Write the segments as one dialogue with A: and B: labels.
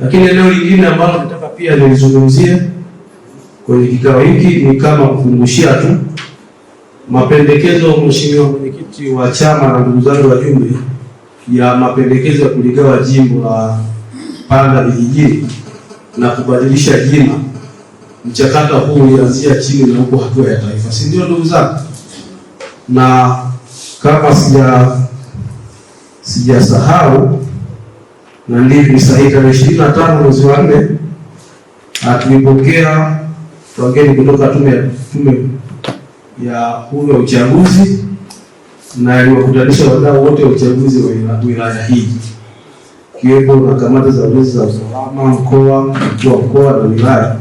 A: Lakini eneo lingine ambalo nataka pia nilizungumzie kwenye kikao hiki ni kama kufungushia tu mapendekezo, mheshimiwa mwenyekiti wa chama na ndugu zangu wajumbe, ya mapendekezo ya kuligawa jimbo la Mpanda vijijini na kubadilisha jina. Mchakato huu ulianzia chini na huko hatua ya taifa, si ndio ndugu zangu? Na kama sija sijasahau na ndivyo sahihi, tarehe ishirini na tano mwezi wa nne tulipokea wageni kutoka tume tume ya huru ya uchaguzi na aliwakutanisha wadau wote wa uchaguzi wa wilaya hii ikiwepo na kamati za ulinzi za usalama mkoa, mkuu wa mkoa na wilaya,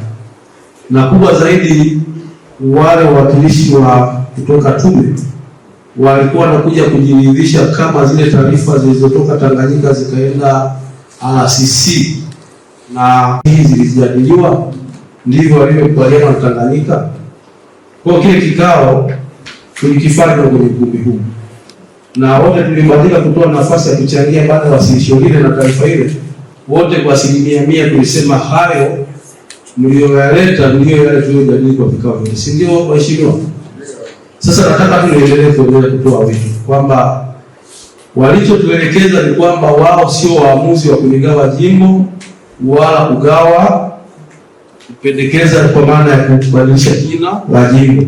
A: na kubwa zaidi wale wawakilishi wa kutoka tume walikuwa wanakuja kujiridhisha kama zile taarifa zilizotoka Tanganyika zikaenda RCC na hizi zilijadiliwa, ndivyo walivyokubaliana na Tanganyika. Kwa kile kikao tulikifanya kwenye ukumbi huu, na wote tulibadilika kutoa nafasi ya kuchangia baada ya wasilisho lile na taarifa ile. Wote kwa asilimia mia tulisema hayo mlioyaleta ndio yale tuliyojadili kwa vikao vile, si ndio waheshimiwa? Sasa nataka tuendelee kuendelea kutoa wito kwamba Walichotuelekeza ni kwamba wao sio waamuzi wa kuligawa jimbo wala kugawa kupendekeza kwa maana ya kubadilisha jina la jimbo.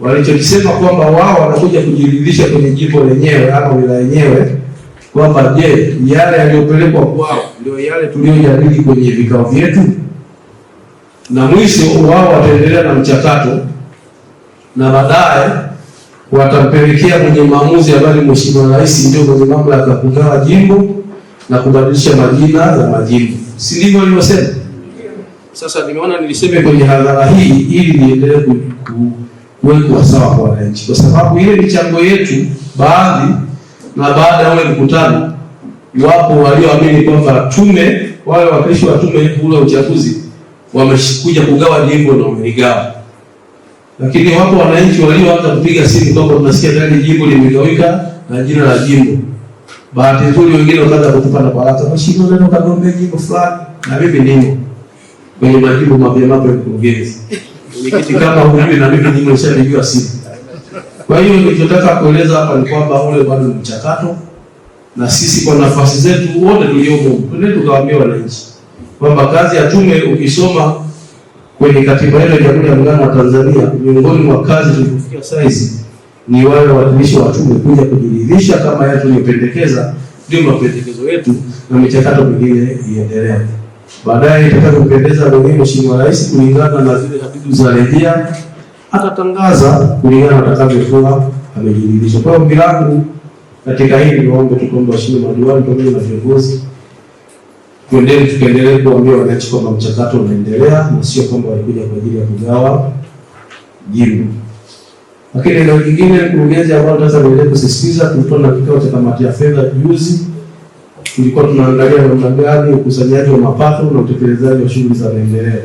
A: Walichokisema kwamba wao wanakuja kujiridhisha kwenye jimbo lenyewe au wilaya yenyewe kwamba je, yale yaliyopelekwa kwao ndio yale tuliyojadili kwenye vikao vyetu, na mwisho wao wataendelea na mchakato na baadaye watampelekea kwenye maamuzi ambayo Mheshimiwa Rais ndio mwenye mamlaka ya kugawa jimbo na kubadilisha majina ya majimbo, si ndivyo alivyosema? Sasa nimeona niliseme kwenye hadhara hii ili niendelee kuwekwa sawa kwa wananchi, kwa sababu ile michango yetu baadhi, na baada ya ule mkutano, wapo walioamini kwamba tume, wale wakilishi wa tume ule uchaguzi wamekuja kugawa jimbo na wameligawa lakini wapo wananchi walio hata kupiga simu kwamba tunasikia ndani jimbo limegawika na jina la jimbo. Bahati nzuri wengine wakaanza kutupa na baraka. Mheshimiwa, nenda kagombea jimbo fulani na mimi nimo. Kwenye majimbo mapya mapya ya mkurugenzi. Nikiti kama hujui na mimi nimo nishajua simu. Kwa hiyo nilichotaka kueleza hapa ni kwamba ule bado ni mchakato na sisi kwa nafasi zetu wote tuliomo, twende tukawaambia wananchi kwamba kazi ya tume ukisoma kwenye katiba yetu ya Jamhuri ya Muungano wa Tanzania, miongoni mwa kazi zilizofikia saizi ni wale wawakilishi wa tume kuja kujiridhisha kama yale tuliyopendekeza ndio mapendekezo yetu, na michakato mingine iendelee baadaye itakavyopendeza mwenyewe Mheshimiwa Rais kulingana na zile habibu za rejea atatangaza kulingana na atakavyokuwa amejiridhisha. Kwa hiyo ombi langu katika hili niwaombe tukombe washindi madiwani pamoja na viongozi tuendelee tukaendelee kuambia wananchi kwamba mchakato unaendelea na sio kwamba walikuja kwa ajili ya kugawa jibu. Lakini eneo lingine, mkurugenzi, ambao sasa niendelee kusisitiza, tulikuwa na kikao cha kamati ya fedha juzi, tulikuwa tunaangalia namna gani ukusanyaji wa mapato na utekelezaji wa shughuli za maendeleo.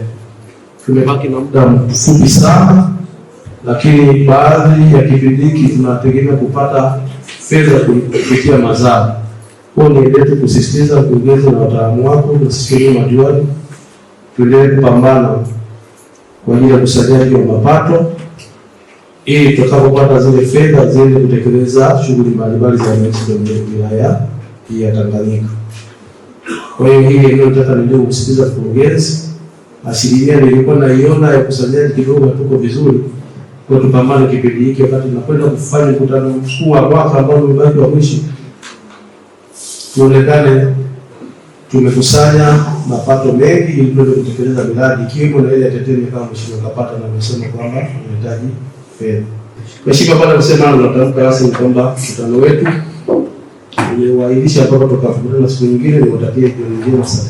A: Tumebaki na muda mfupi sana, lakini baadhi ya kipindi hiki tunategemea kupata fedha kupitia mazao kwa niendelee kusisitiza wakurugenzi na wataalamu wako na sisi wenyewe madiwani, tuendelee kupambana kwa ajili ya kusajili wa mapato ili tutakapopata zile fedha ziende kutekeleza shughuli mbalimbali za wananchi kwenye wilaya hii ya Tanganyika. Kwa hiyo hii ndio nataka nijue kusitiza mkurugenzi, asilimia nilikuwa naiona ya kusajili kidogo hatuko vizuri, kwa tupambane kipindi hiki, wakati tunakwenda kufanya mkutano mkuu wa mwaka ambao umebaki wa mwisho tuonekane tumekusanya mapato mengi ili tuweze kutekeleza miradi ikiwemo na ile ya Tetemi kama Mheshimiwa Kapata anavyosema kwamba tunahitaji fedha. Mheshimiwa Kapata alisema natamka rasmi kwamba mkutano wetu umewailisha mpaka tutakapokutana siku nyingine, niwatakie kuingia sasa.